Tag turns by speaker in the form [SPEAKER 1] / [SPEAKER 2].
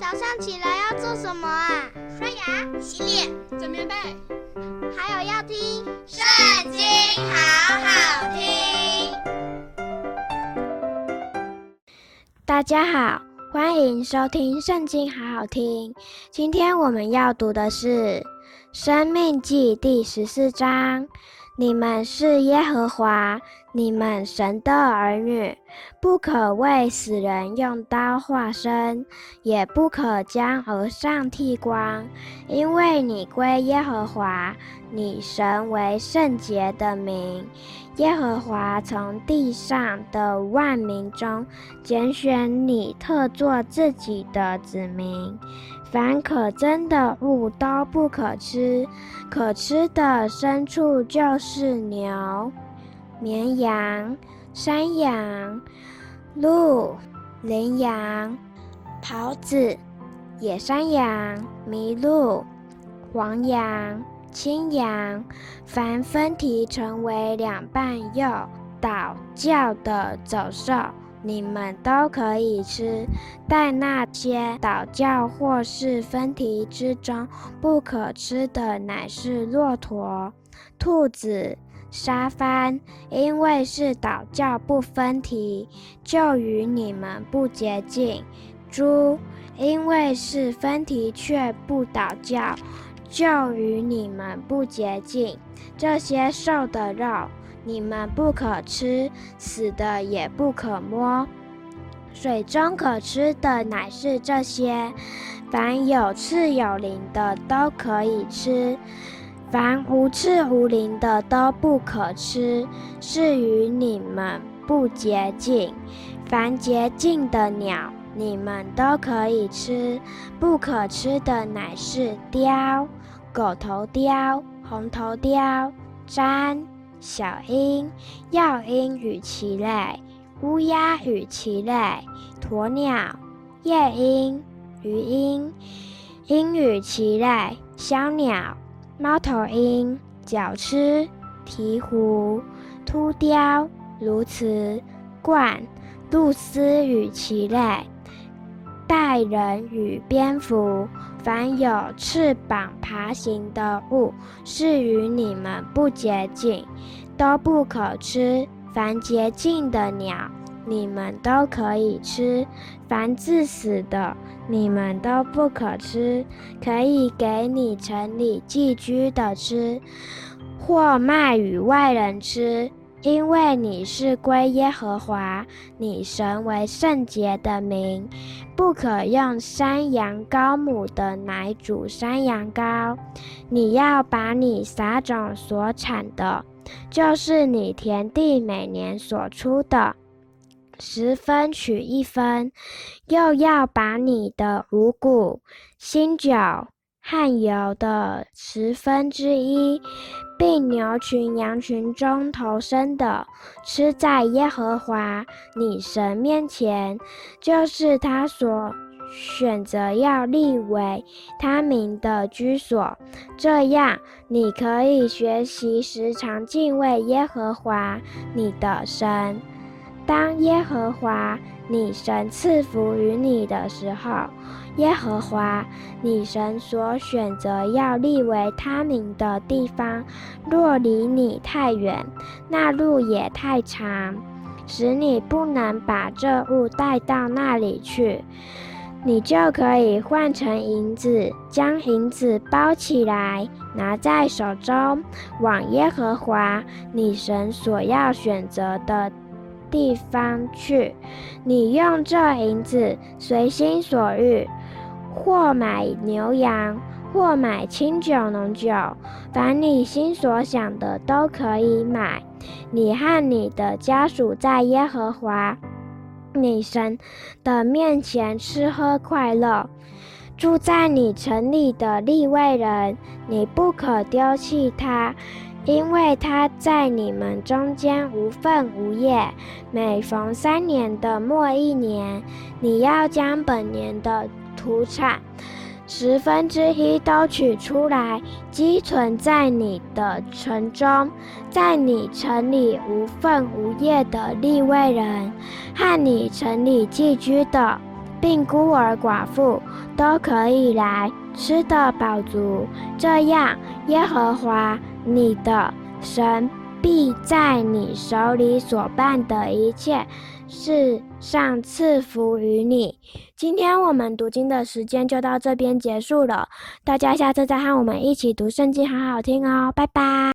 [SPEAKER 1] 早上起來要做什麼啊？刷牙、洗臉、整棉被，還有要聽《聖經》好好聽。大家好，歡迎收聽《聖經好好聽》。今天我們要讀的是《申命記》第十四章。你們是耶和華你們神的兒女，不可為死人用刀劃身，也不可將額上剃光，因為你歸耶和華，你神為聖潔的民。耶和華從地上的萬民中揀選你，特作自己的子民。凡可憎的物都不可吃，可吃的牲畜就是牛、綿羊、山羊、鹿、羚羊、麃子、野山羊、麋鹿、黃羊、青羊。凡分蹄成為兩瓣又倒嚼的，走獸。你們都可以吃，但那些倒嚼或是分蹄之中不可吃的，乃是駱駝、兔子、沙番，因為是倒嚼不分蹄，就與你們不潔淨；豬，因為是分蹄卻不倒嚼，就與你們不潔淨。這些獸的肉，你們不可吃，死的也不可摸。水中可吃的乃是這些，凡有翅、有鱗的都可以吃，凡無翅、無鱗的都不可吃。是與你們不潔淨，凡潔淨的鳥，你們都可以吃。不可吃的乃是雕、狗頭雕、紅頭雕、鸇。小鷹、鷂鷹與其類，烏鴉與其類，鴕鳥、夜鷹、魚鷹，鷹與其類，鴞鳥、貓頭鷹、角鴟、鵜鶘、禿鵰、鸕鶿、鸛、鷺鷥與其類。戴鵀與蝙蝠，凡有翅膀爬行的物，是與你們不潔淨，都不可吃；凡潔淨的鳥，你們都可以吃；凡自死的，你們都不可吃，可以給你城裡寄居的吃，或賣與外人吃。因為你是歸耶和華，你神為聖潔的民，不可用山羊羔母的奶煮山羊羔。你要把你撒種所產的，就是你田地每年所出的，十分取一分；又要把你的五穀、新酒、和油的十分之一。並牛群、羊群中頭生的，吃在耶和華你神面前，就是他所選擇要立為他名的居所。這樣，你可以學習時常敬畏耶和華你的神。當耶和華你神賜福於你的時候，耶和華你神所選擇要立為他名的地方，若離你太遠，那路也太長，使你不能把這物帶到那裡去，你就可以換成銀子，將銀子包起來，拿在手中，往耶和華你神所要選擇的地方。地方去，你用這銀子，隨心所欲，或買牛羊，或買清酒濃酒，凡你心所想的都可以買。你和你的家屬在耶和華，你神的面前吃喝快樂。住在你城裡的利未人，你不可丟棄他。因為他在你們中間無分無業。每逢三年的末一年，你要將本年的土產十分之一都取出來，積存在你的城中。在你城裡無分無業的利未人，和你城裡寄居的，並孤兒寡婦都可以來，吃得飽足。這樣，耶和華。你的神必在你手裡所辦的一切事上賜福於你。今天我們讀經的時間就到這邊結束了，大家下次再和我們一起讀聖經，好好聽哦，拜拜。